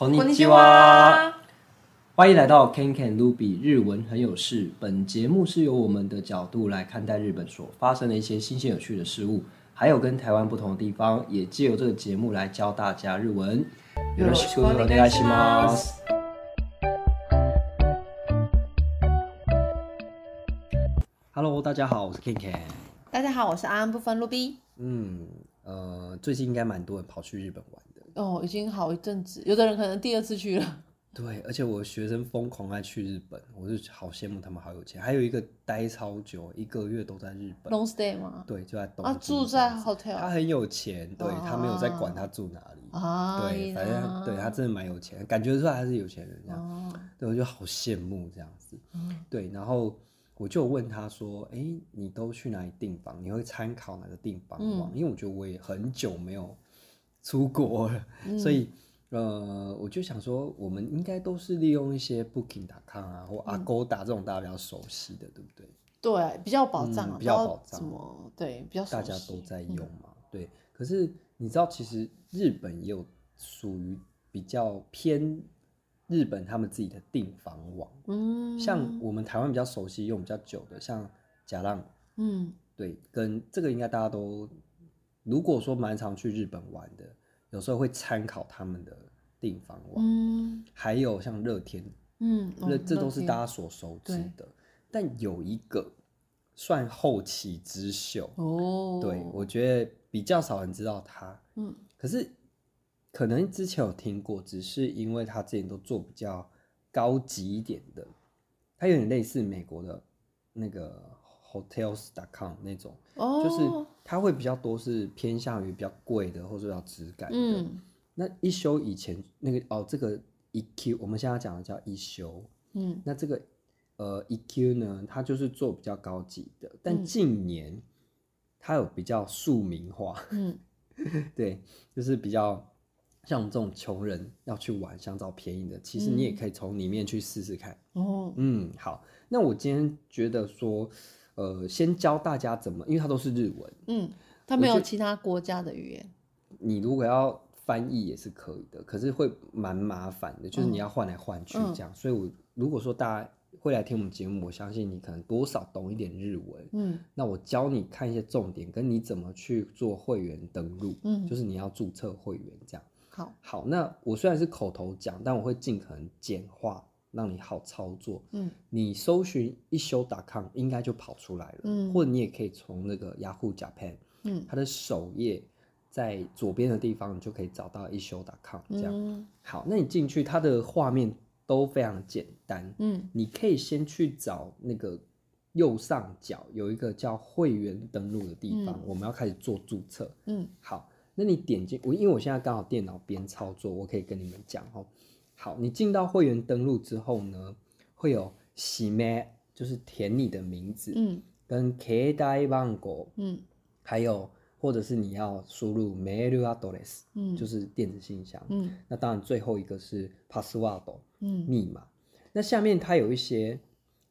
こんにちは，歡迎來到 KenKen Ruby 日文很有事。本節目是由我們的角度來看待日本所發生的一些新鮮有趣的事物，還有跟台灣不同的地方，也借由這個節目來教大家日文。有事就多聯繫嘛。 Hello，大家好，我是 KenKen。大家好，我是安安不分 Ruby。嗯，呃，最近應該蠻多人跑去日本玩。哦，已經好一陣子，有的人可能第二次去了。對，而且我學生瘋狂愛去日本，我就好羨慕他們，好有錢。還有一個待超久，一個月都在日本。Long stay 嗎？對，就在東、啊、住在 hotel。他很有錢，對、啊、他沒有在管他住哪裡。啊，對，反正對他真的蠻有錢，感覺出來他是有錢人這樣。啊、對我就好羨慕這樣子。嗯、對，然後我就問他說：“哎、欸，你都去哪裡訂房？你會參考哪個訂房網？嗯、因為我覺得我也很久沒有。”出國了，嗯、所以呃，我就想說，我們應該都是利用一些 Booking.com 啊，或 Agoda 這種大家比較熟悉的，對不對？對，比較保障，嗯、比較保障。對，比較大家都在用嘛。嗯、對，可是你知道，其實日本也有屬於比較偏日本他們自己的訂房網，嗯，像我們台灣比較熟悉、用比較久的，像 Jalan，嗯，對，跟這個應該大家都。如果說蠻常去日本玩的，有時候會參考他們的訂房網，嗯，還有像樂天，嗯，熱這都是大家所熟知的。但有一個算後起之秀哦，對我覺得比較少人知道他，嗯，可是可能之前有聽過，只是因為他之前都做比較高級一點的，它有點類似美國的那個 Hotels.com 那種，哦，就是。它會比較多是偏向於比較貴的，或者要比較質感的。嗯、那一休以前那個哦，這個 EQ 我們現在講的叫一休，嗯，那這個呃 EQ 呢，它就是做比較高級的，但近年、嗯、它有比較庶民化，嗯、 對，就是比較像我們這種窮人要去玩，想找便宜的，其實你也可以從裡面去試試看。嗯、哦，嗯，好，那我今天覺得說。呃，先教大家怎麼，因為它都是日文，嗯，它沒有其他國家的語言。你如果要翻譯也是可以的，可是會蠻麻煩的，就是你要換來換去這樣。嗯嗯、所以，我如果說大家會來聽我們節目，我相信你可能多少懂一點日文，嗯，那我教你看一些重點，跟你怎麼去做會員登錄，嗯，就是你要註冊會員這樣。好、嗯，好，那我雖然是口頭講，但我會盡可能簡化。讓你好操作。嗯，你搜尋一休 .com 應該就跑出來了。嗯、或或你也可以從那個雅虎、ah、Japan，嗯，它的首頁在左邊的地方，你就可以找到一、e、休 .com 這樣。嗯、好，那你進去，它的畫面都非常簡單。嗯，你可以先去找那個右上角有一個叫會員登錄的地方，嗯、我們要開始做注冊。嗯，好，那你點進我，因為我現在剛好電腦邊操作，我可以跟你們講哦。好，你進到會員登錄之後呢，會有氏名，就是填你的名字，嗯，跟携帯番號，嗯，還有或者是你要輸入 mail address，嗯，就是電子信箱，嗯，那當然最後一個是 password，嗯，密碼。那下面它有一些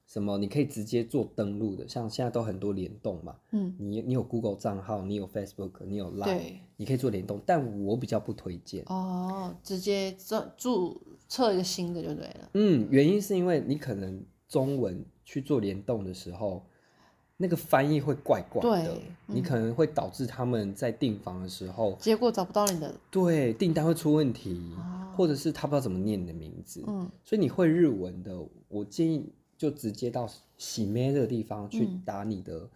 什麼，你可以直接做登錄的，像現在都很多聯動嘛，嗯，你你有 Google 賬號，你有 Facebook，你有 LINE，對你可以做聯動，但我比較不推薦。哦，直接做測一個新的就對了。嗯，原因是因為你可能中文去做聯動的時候，那個翻譯會怪怪的，嗯、你可能會導致他們在訂房的時候，結果找不到你的，對，訂單會出問題，嗯、或者是他不知道怎麼念你的名字。嗯，所以你會日文的，我建議就直接到氏名這個地方去打你的，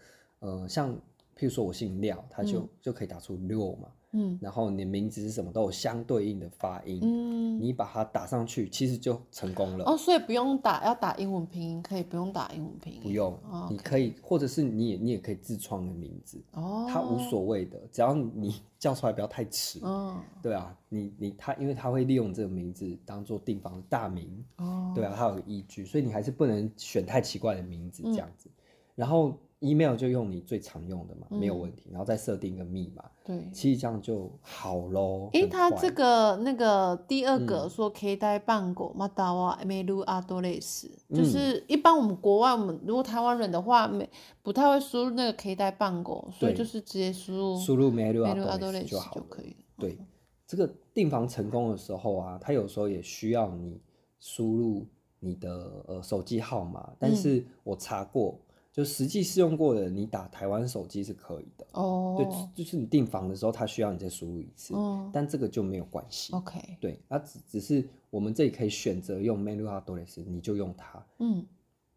嗯、呃，像，譬如說我姓廖，他就、嗯、就可以打出六嘛。嗯、然後你的名字是什麼都有相對應的發音，嗯、你把它打上去，其實就成功了哦。所以不用打，要打英文拼音可以不用打英文拼音，不用，哦、你可以，okay. 或者是你也你也可以自創的名字哦，它，無所謂的，只要你叫出來不要太遲，嗯、哦，對啊，你你他，因為他會利用這個名字當做訂房的大名哦，對啊，他有個依據，所以你還是不能選太奇怪的名字這樣子，嗯、然後。email 就用你最常用的嘛，沒有問題。然後再設定一個密碼，對、嗯，其實這樣就好嘍。哎誒，他壞這個那個第二個說 K 代半狗，馬刀哇，梅魯阿多雷斯，、嗯、 就是一般我們國外我們如果台灣人的話，沒不太會輸入那個 K 代半狗，所以就是直接輸入輸入梅魯阿多雷斯就好了。可以。對，okay. 這個訂房成功的時候啊，他有時候也需要你輸入你的呃手機號碼，但是我查過。就實際試用過的，你打台灣手機是可以的哦。Oh. 對，就是你訂房的時候，它需要你再輸入一次，oh. 但這個就沒有關係。OK。對，它只只是我們這裡可以選擇用メールアドレス你就用它，嗯，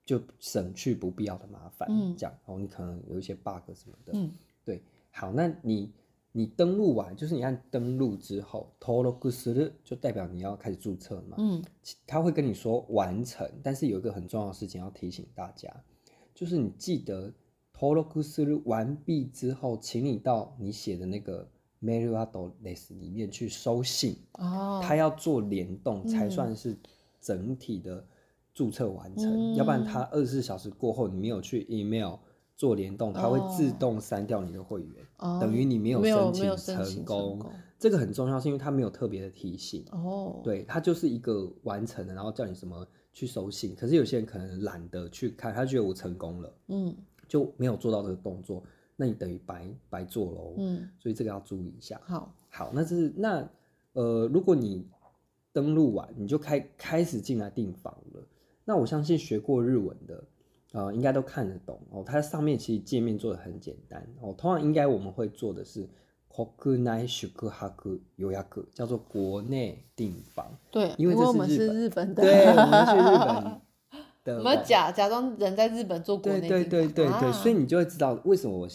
就省去不必要的麻煩。嗯，這樣哦，然後你可能有一些 bug 什麼的。嗯，對。好，那你你登錄完，就是你按登錄之後登録する就代表你要開始注冊嘛。嗯，他會跟你說完成，但是有一個很重要的事情要提醒大家。就是你記得登録する完畢之後，請你到你寫的那個 mail address 裡面去收信哦。他要做聯動，才算是整體的注冊完成。嗯、要不然，他二十四小時過後，你沒有去 email 做聯動，哦、他會自動刪掉你的會員，哦、等於你沒有申請成功。成功這個很重要，是因為他沒有特別的提醒哦。對他就是一個完成了，然後叫你什麼？去收信，可是有些人可能懶得去看，他覺得我成功了，嗯，就沒有做到這個動作，那你等於白白做咯，嗯，所以這個要注意一下。好，好，那這是那呃，如果你登錄完你就開開始進來訂房了，那我相信學過日文的啊，呃，應該都看得懂哦。它上面其實界面做的很簡單哦，通常應該我們會做的是。國內宿泊予約，叫做國內訂房，對，因為，這因為我們是日本的，對，我們是日本的，什 麼 假假裝人在日本做國內訂房，對，對對對對對，啊、所以你就會知道為什麼我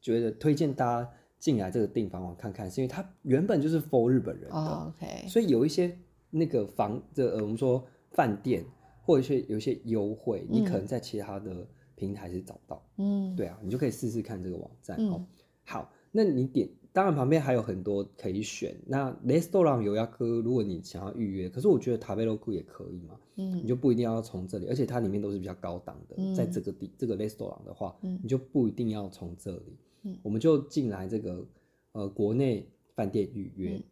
覺得推薦大家進來這個訂房網看看，是因為它原本就是 for 日本人的，oh,，OK，所以有一些那個房的、這個，呃，我們說飯店或者一些有一些優惠，你可能在其他的平台是找不到，嗯，對啊，你就可以試試看這個網站，嗯、哦。好，那你點。當然，旁邊還有很多可以選。那レストラン有要哥，如果你想要預約，可是我覺得 Tabelogo 也可以嘛。嗯、你就不一定要從這裡，而且它裡面都是比較高檔的。嗯、在這個地這個レストラン的話，嗯、你就不一定要從這裡。嗯、我們就進來這個呃國內飯店預約。嗯、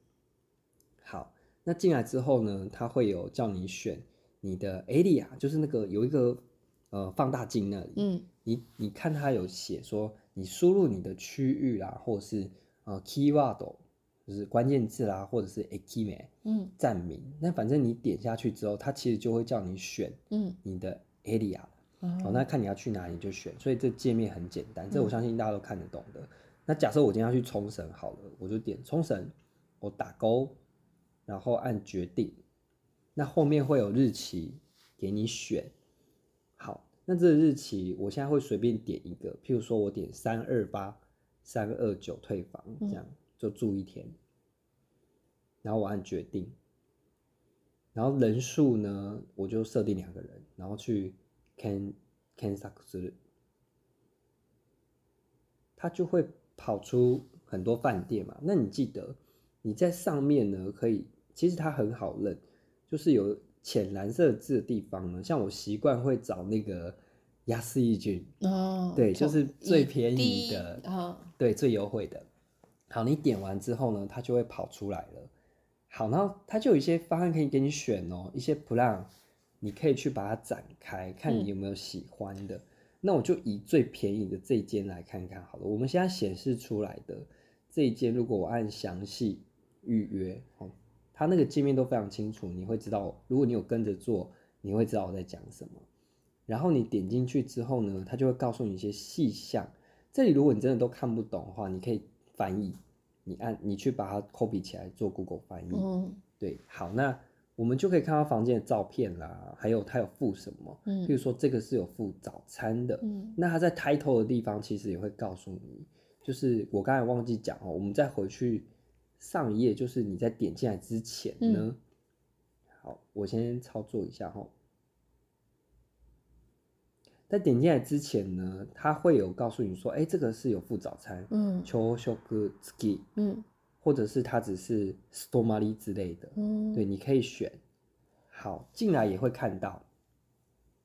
好，那進來之後呢，它會有叫你選你的エリア，就是那個有一個呃放大鏡那裡。嗯，你你看它有寫說，你輸入你的區域啦，或是。呃、哦、keyword 就是關鍵字啦，或者是 e k e y w 嗯，站名。那反正你點下去之後，它其實就會叫你選，嗯，你的 area，、嗯、哦，那看你要去哪裡就選。所以這界面很簡單，這我相信大家都看得懂的。嗯、那假設我今天要去沖繩，好了，我就點沖繩，我打勾，然後按決定。那後面會有日期給你選，好，那這日期我現在會隨便點一個，譬如說我點三二八。三二九退房，這樣就住一天。嗯、然後我按決定，然後人數呢，我就設定兩個人，然後去検索，他就會跑出很多飯店嘛。那你記得你在上面呢，可以，其實他很好認，就是有淺藍色字的地方呢，像我習慣會找那個。安い順哦，oh, 對，就是最便宜的，oh. 對，最優惠的。好，你點完之後呢，它就會跑出來了。好，然後它就有一些方案可以給你選哦，一些プラン你可以去把它展開，看你有沒有喜歡的。嗯、那我就以最便宜的這一間來看看好了。我們現在顯示出來的這一間，如果我按詳細預約、嗯，它那個界面都非常清楚，你會知道。如果你有跟着做，你會知道我在講什麼。然後你點進去之後呢，他就會告訴你一些細項。這裡如果你真的都看不懂的話，你可以翻譯，你按你去把它 copy 起來做 Google 翻譯。哦、對，好，那我們就可以看到房間的照片啦，還有它有附什麼？譬如說這個是有附早餐的。嗯、那它在 title 的地方其實也會告訴你，就是我剛才忘記講哦，我們再回去上一頁，就是你在點進來之前呢。嗯、好，我先操作一下哦。在點進來之前呢，他會有告訴你說，哎、欸，這個是有附早餐，嗯，朝食付き，或者是他只是素泊まり之類的，嗯，對，你可以選。好，進來也會看到，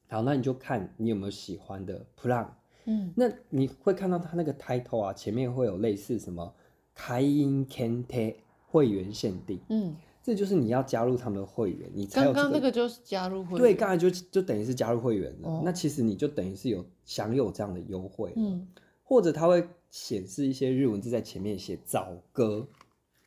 好，那你就看你有沒有喜歡的 plan，嗯，那你會看到他那個 title 啊，前面會有類似什麼かいいんげんてい會員限定，嗯。這就是你要加入他們的會員，你才有、這個、剛剛那個就是加入會員。對，剛才就就等於是加入會員了。哦、那其實你就等於是有享有這樣的優惠。嗯，或者他會顯示一些日文字在前面寫早割，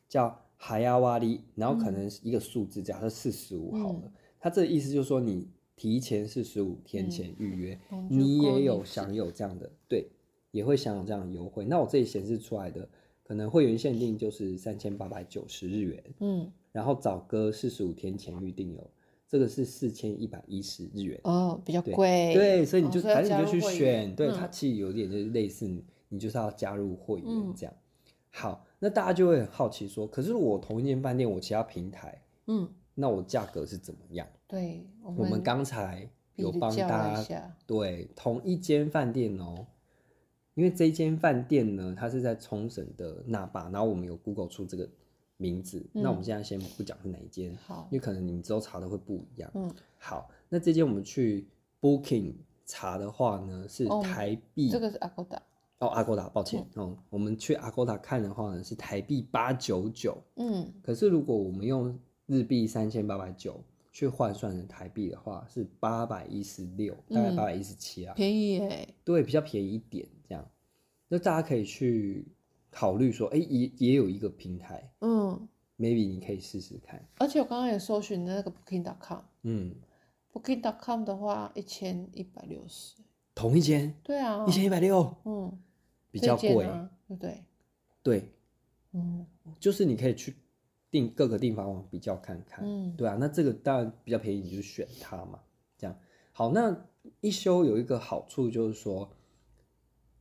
叫 Hayawari，然後可能一個數字，假設四十五好了，他、嗯、這個意思就是說你提前四十五天前預約，嗯、你也有享有這樣的、嗯、對，也會享有這樣的優惠。那我這裡顯示出來的。可能會員限定就是三千八百九十日元，嗯，然後早割四十五天前預訂，有這個是四千一百一十日元，哦，比較貴。對，對，所以你就反正、哦、你就去選，嗯、對，它其實有點就是類似你你就是要加入會員這樣，嗯、好，那大家就會很好奇說，可是我同一間飯店，我其他平台，嗯，那我價格是怎麼樣？對，我們，我們剛才有幫大家，對，同一間飯店哦。因為這間飯店呢，它是在沖繩的那霸，然後我們有 Google 出這個名字，嗯、那我們現在先不講是哪一間，好，因為可能你們之後查的會不一樣。嗯，好，那這間我們去 Booking 查的話呢，是台幣，這個是 Agoda 哦，Agoda、嗯哦啊、抱歉、嗯、哦，我們去 Agoda 看的話呢，是台幣八九九。嗯，可是如果我們用日幣三千八百九去換算成台幣的話，是八百一十六，大概八百一十七啊、嗯，便宜耶、欸。對，比較便宜一點。這樣，那大家可以去考慮說，哎、欸，也也有一個平台，嗯，maybe 你可以試試看。而且我剛剛也搜尋那個 Booking.com，嗯，Booking.com 的話，一千一百六十，同一間？對啊，一千一百六，嗯，比較貴、啊，對，對，嗯，就是你可以去訂各個地方，比較看看，嗯，對啊，那這個當然比較便宜，你就選它嘛，這樣。好，那一休有一個好處就是說。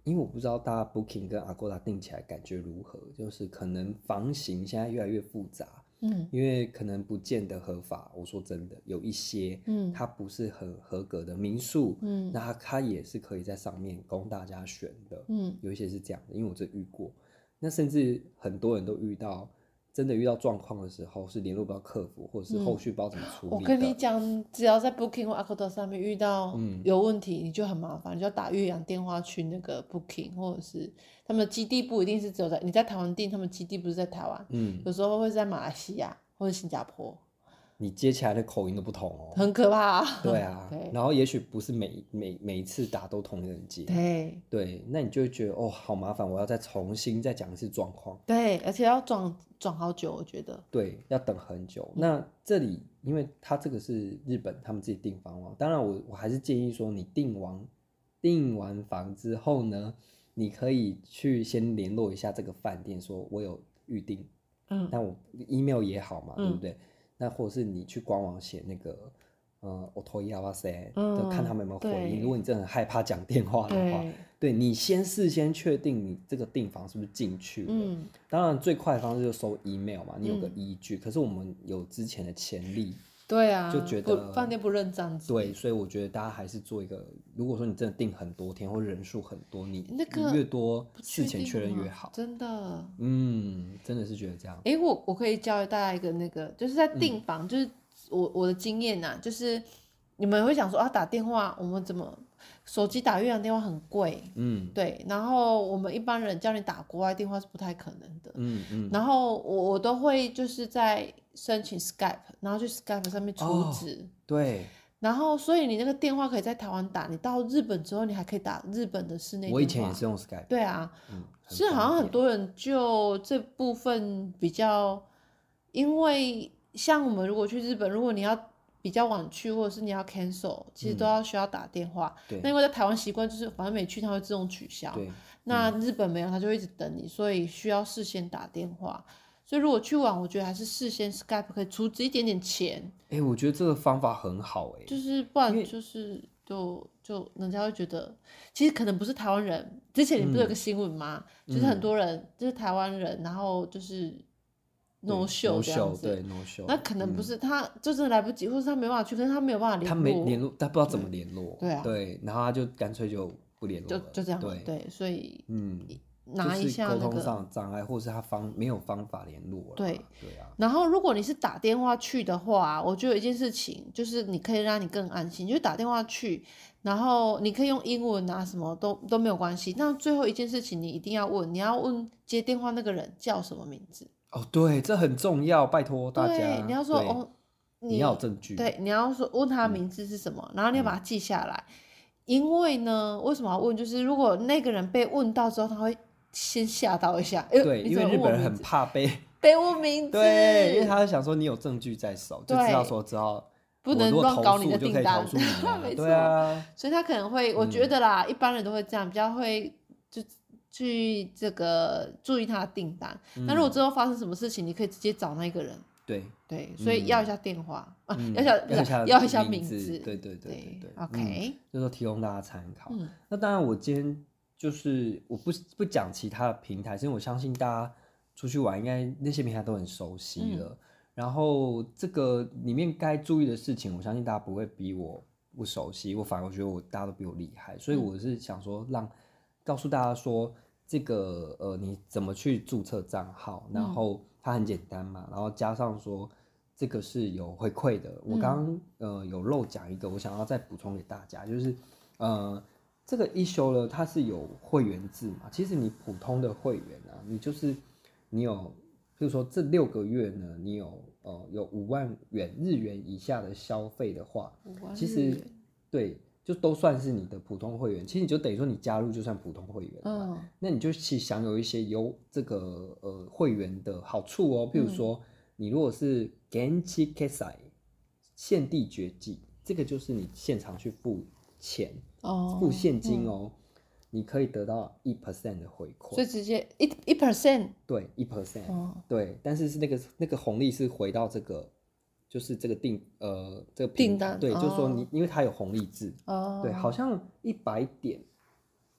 因為我不知道大家 Booking 跟 Agoda 定起來感覺如何，就是可能房型現在越來越複雜，嗯，因為可能不見得合法。我說真的，有一些，嗯，它不是很合格的民宿，嗯，那它它也是可以在上面供大家選的，嗯，有一些是這樣的，因為我這遇過，那甚至很多人都遇到。真的遇到狀況的時候，是聯絡不到客服，或者是後續不知道怎麼處理的、嗯。我跟你講，只要在 Booking 或 a c c o 上面遇到有問題，嗯、你就很麻煩，你就要打越洋電話去那個 Booking，或者是他們的基地不一定是只有在你在台灣訂，他們基地不是在台灣，嗯、有時候會在馬來西亞或者新加坡。你接起來的口音都不同哦，很可怕啊。對啊，對，然後也許不是每每每一次打都同一個人接。對對，那你就會覺得哦，好麻煩，我要再重新再講一次狀況。對，而且要轉轉好久，我覺得。對，要等很久。嗯。那這裡，因為他這個是日本，他們自己訂房哦。當然我，我我還是建議說，你訂完訂完房之後呢，你可以去先聯絡一下這個飯店，說我有預定，嗯，但我 email 也好嘛，嗯。對不對？那或者是你去官網寫那個，呃，お問い合わせ、嗯，就看他們有沒有回應。對如果你真的很害怕講電話的話，對，對你先事先確定你這個訂房是不是進去了。嗯、當然最快的方式就是收 email 嘛，你有個依據。嗯、可是我們有之前的潛力。對啊，就覺得飯店不認賬，對，所以我覺得大家還是做一個，如果說你真的訂很多天或人數很多，你那個你越多，事前確認越好，真的，嗯，真的是覺得這樣。哎、欸，我我可以教大家一個那個，就是在訂房，嗯、就是我我的經驗吶、啊，就是你們會想說啊，打電話，我們怎麼手機打越洋電話很貴，嗯，對，然後我們一般人叫你打國外電話是不太可能的，嗯嗯，然後我我都會就是在。申請 Skype，然後去 Skype 上面儲值，oh, 對，然後所以你那個電話可以在台灣打，你到日本之後你還可以打日本的市內電話。我以前也是用 Skype，對啊，嗯、是好像很多人就這部分比較，因為像我們如果去日本，如果你要比較晚去，或者是你要 cancel，其實都要需要打電話。嗯、那因為在台灣習慣就是反正沒去他會自動取消，對嗯、那日本沒有他就會一直等你，所以需要事先打電話。所以如果去玩，我覺得還是事先 Skype 可以儲值一點點錢。哎、欸，我覺得這個方法很好，哎、欸。就是不然就是就因為就人家會覺得，其實可能不是台灣人。之前你不是有個新聞嗎？嗯、就是很多人就是台灣人，然後就是 no show no show 對 no show，這樣子，那可能不是他，就真的來不及，嗯、或者他沒辦法去，但是他沒有辦法聯絡，他沒聯絡，但不知道怎麼聯絡，嗯。對啊。對，然後他就乾脆就不聯絡了就就這樣對對，所以嗯。拿一下溝通上的障礙，那個，或是他方沒有方法聯絡。對對啊。然後如果你是打電話去的話，我覺得一件事情就是你可以讓你更安心，你就打電話去，然後你可以用英文啊，什麼都都沒有關係。那最後一件事情，你一定要問，你要問接電話那個人叫什麼名字。哦，對，這很重要，拜托大家。對，你要說哦，對你，你要有證據。對，你要說問他名字是什麼，嗯、然後你要把它記下來。嗯、因為呢，為什麼要問？就是如果那個人被問到之後，他會。先嚇到一下，因為因為日本人很怕被被污名。對，因為他會想說你有證據在手，就知道說知道不能亂搞你的訂單，對啊，所以他可能會，我覺得啦，一般人都會這樣，比較會就去這個注意他的訂單。那如果之後發生什麼事情，你可以直接找那個人。對對，所以要一下電話啊，要一下要一下名字。對對對對對，OK，就說提供大家參考。那當然，我今天。就是我不不講其他的平台，是因為我相信大家出去玩應該那些平台都很熟悉了。嗯、然後這個裡面該注意的事情，我相信大家不會比我不熟悉，我反而我覺得我大家都比我厲害。所以我是想說讓，讓告訴大家說這個呃，你怎麼去注冊賬號，然後它很簡單嘛。然後加上說這個是有回饋的。嗯、我剛剛呃有漏講一個，我想要再補充給大家，就是呃。這個一休呢，它是有會員制嘛？其實你普通的會員啊，你就是你有，譬如說這六個月呢，你有呃有五萬元日元以下的消費的話，其實對，就都算是你的普通會員。其實你就等於說你加入就算普通會員了，哦、那你就去享有一些有這個呃，會，呃會員的好處哦。譬如說你如果是げんちけっさい現地決済，這個就是你現場去付錢。Oh, 付現金哦，嗯、你可以得到一 percent 的回饋，所以直接一一 percent，對一 percent，oh, 對，但是是那個那個紅利是回到這個，就是這個定呃這個訂單，對，oh. 就是說你因為它有紅利制，oh. 對，好像一百點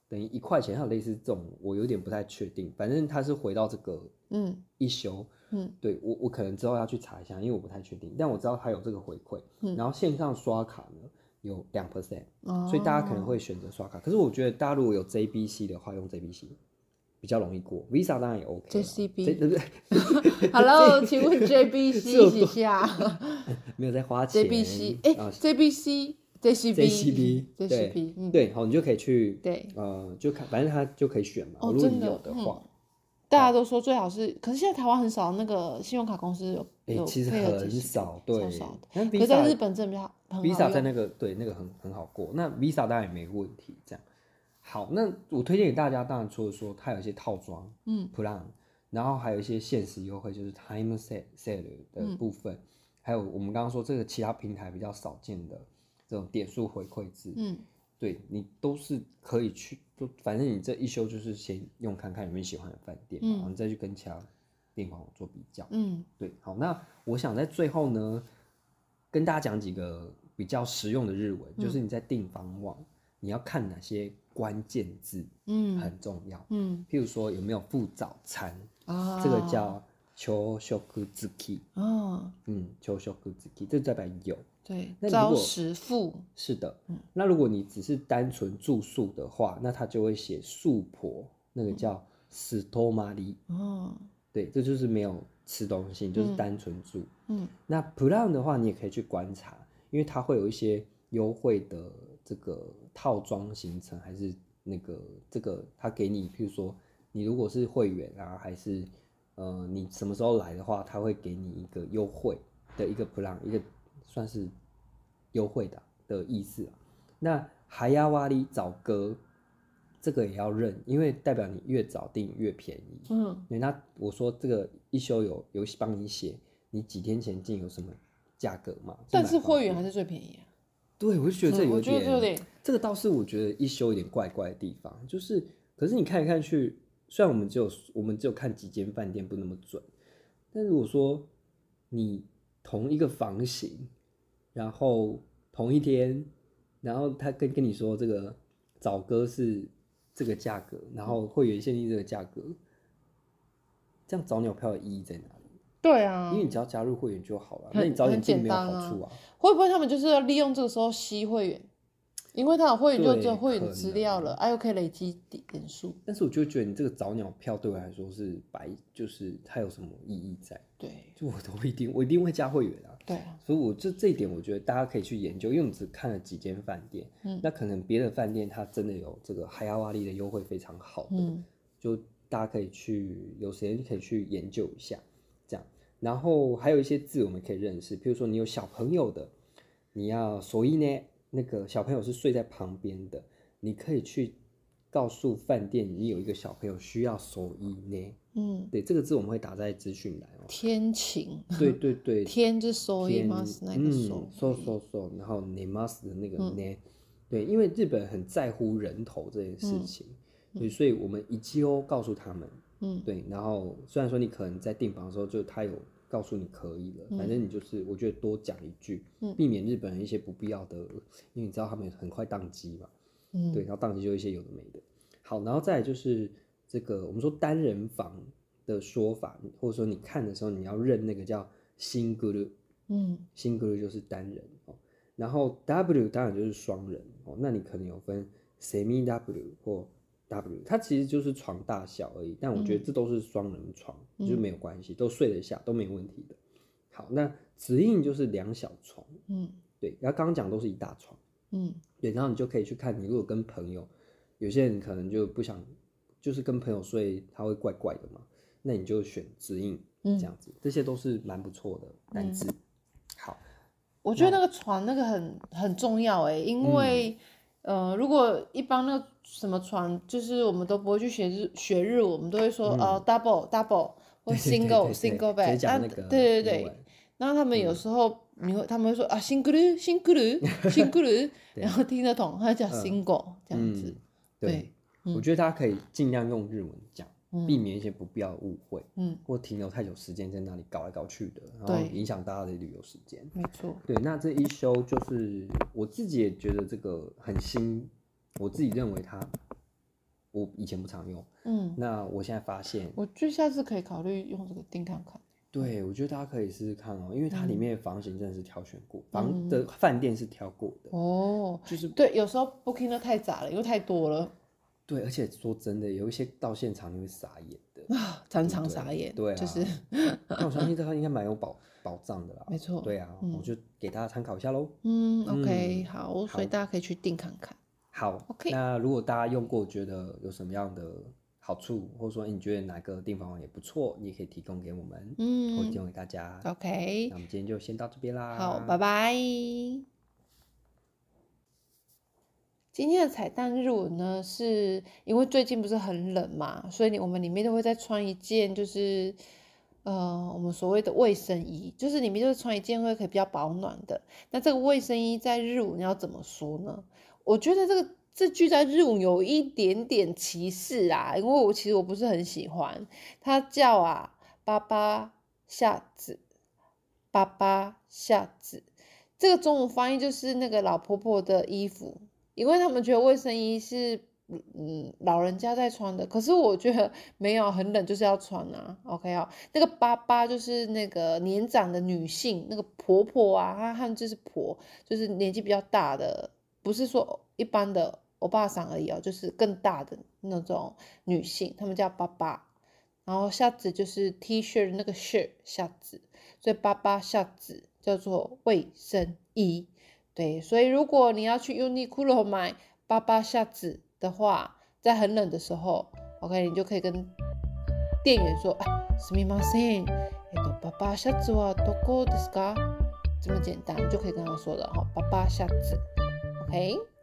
等於一塊錢，像類似這種我有點不太確定，反正它是回到這個，嗯，一休，嗯，對我我可能之後要去查一下，因為我不太確定，但我知道它有這個回饋，嗯、然後線上刷卡呢。有兩 percent，所以大家可能會選擇刷卡。可是我覺得，大家如果有 J B C 的話，用 J B C 比較容易過。Visa 當然也 OK。J C B Hello，請問 J B C 幾下？沒有在花錢。J B C 哎 J B C J C B J C B 對，好，你就可以去對呃就看，反正他就可以選嘛。如果有的話，大家都說最好是，可是現在台灣很少那個信用卡公司有有，其實很少，對，很少，可是在日本真的比較。Visa 在那個對那個很很好過，那 Visa 當然也沒問題。這樣。好，那我推薦給大家，當然除了說它有一些套裝，嗯，Plan，然後還有一些限時優惠，就是 Time Sale Sale 的部分，嗯、還有我們剛剛說這個其他平台比較少見的這種點數回饋制，嗯，對你都是可以去，都反正你這一休就是先用看看有沒有喜歡的飯店，嗯、然後你再去跟其他店舖做比較，嗯，對，好，那我想在最後呢。跟大家講幾個比較實用的日文，就是你在訂房網，嗯、你要看哪些關鍵字，嗯，很重要，嗯，譬如說有沒有付早餐，啊、哦，這個叫朝食付き，嗯，朝食付き這代表有，對，那如果朝食付き是的，嗯，那如果你只是單純住宿的話，那他就會寫“素泊まり，那個叫すどまり s 托馬 m 哦，對，這就是沒有。吃東西就是單純住，嗯，嗯，那普朗的話，你也可以去觀察，因為它會有一些優惠的這個套裝行程，還是那個這個，它給你，譬如說你如果是會員啊，還是呃你什麼時候來的話，他會給你一個優惠的一個普朗，一個算是優惠的的意思，啊。那海亞瓦里找歌。這個也要認，因為代表你越早訂越便宜。嗯，那我說這個一休有有幫你寫，你幾天前訂有什麼價格嘛？但是會員還是最便宜啊。對，我就覺得這有點，嗯、我覺得有點。這個倒是我覺得一休有點怪怪的地方，就是，可是你看一看去，雖然我們只有我們只有看幾間飯店不那麼準，但是如果說你同一個房型，然後同一天，然後他跟跟你說這個早割是。這個價格，然後會員限定這個價格，這樣早鳥票的意義在哪裡？對啊，因為你只要加入會員就好了、啊，那、啊、你早鳥進沒有好處啊？會不會他們就是要利用這個時候吸會員？因為他有會員，就只會員資料了，i、啊、又可以累積點數。但是我就覺得你這個早鳥票對我來說是白，就是它有什麼意義在？對，就我都不一定，我一定會加會員啊。對，所以我就這一點，我覺得大家可以去研究，因為你只看了幾間飯店，嗯，那可能別的飯店它真的有這個海 i 瓦利的優惠，非常好的，嗯、就大家可以去有時間就可以去研究一下，這樣。然後還有一些字我們可以認識，比如說你有小朋友的，你要所以呢。那個小朋友是睡在旁邊的，你可以去告訴飯店，你有一個小朋友需要そいね。嗯，對，這個字我們會打在資訊欄哦。天晴。對對對，天就是 s o m u s 那個 so、嗯。然後你 m u s 的那個呢？嗯、對，因為日本很在乎人頭這件事情，嗯嗯、所以所以我們一記哦告訴他們。嗯，對。然後雖然說你可能在訂房的時候，就他有。告訴你可以了，反正你就是，我覺得多講一句，嗯、避免日本人一些不必要的，嗯、因為你知道他們很快當機嘛，嗯、對，然後當機就一些有的沒的。好，然後再來就是這個我們說單人房的說法，或者說你看的時候你要認那個叫シングル，嗯，シングル就是單人哦，然後 W 當然就是雙人哦，那你可能有分 semi W 或 W，它其實就是床大小而已，但我覺得這都是雙人床，嗯、就沒有關係，嗯、都睡得下，都沒問題的。好，那ツイン就是兩小床，嗯，對。然後剛剛講都是一大床，嗯，對。然後你就可以去看，你如果跟朋友，有些人可能就不想，就是跟朋友睡，他會怪怪的嘛。那你就選ツイン、嗯、這樣子，這些都是蠻不錯的單字。嗯、好，我覺得那個床那個很很重要哎、欸，因為、嗯。呃，如果一般那個什麼床，就是我們都不會去學日學日語，我們都會說呃，double double 或者 single single bed，那對對對，然後他們有時候你會，他們會說啊，single single single，然後聽得懂，他就講 single 這樣子，對，我覺得他可以盡量用日文講。避免一些不必要的誤會，嗯，或停留太久時間在那裡搞來搞去的，對然後影響大家的旅遊時間。沒錯錯，對，那這一休就是我自己也覺得這個很新，我自己認為它，我以前不常用，嗯，那我現在發現，我就下次可以考慮用這個定看看。對，我覺得大家可以試試看哦，喔，因為它裡面的房型真的是挑選過，嗯，房的飯店是挑過的哦，嗯，就是對，有時候 booking 都太雜了，因為太多了。對，而且說真的，有一些到現場你會傻眼的，常常傻眼，對，就是。那我相信這套應該蠻有保保障的啦，沒錯，對啊，我就給大家參考一下嘍。嗯，OK，好，所以大家可以去訂看看。好，OK，那如果大家用過，覺得有什麼樣的好處，或者說你覺得哪個訂房網也不錯，你也可以提供給我們，嗯，或提供給大家。OK，那我們今天就先到這邊啦，好，拜拜。今天的彩蛋日文呢，是因為最近不是很冷嘛，所以我們裡面都會再穿一件，就是呃，我們所謂的衛生衣，就是裡面就是穿一件會可以比較保暖的。那這個衛生衣在日文你要怎麼說呢？我覺得這個這句在日文有一點點歧視啊，因為我其實我不是很喜歡。它叫啊，ババシャツ，ババシャツ，這個中文翻譯就是那個老婆婆的衣服。因為他們覺得衛生衣是嗯，老人家在穿的，可是我覺得沒有很冷就是要穿啊。OK 哦，那個ババ就是那個年長的女性，那個婆婆啊，她漢字是婆，就是年紀比較大的，不是說一般的歐巴桑而已哦，就是更大的那種女性，他們叫ババ。然後シャツ就是 T 恤那個 shirt シャツ，所以ババシャツ叫做衛生衣。對，所以如果你要去ユニクロ買ババシャツ的話，在很冷的時候，OK，你就可以跟店員說，啊、すみません、えっとババシャツはどこですか？這麼簡單，你就可以跟他說了哈，ババシャツ，OK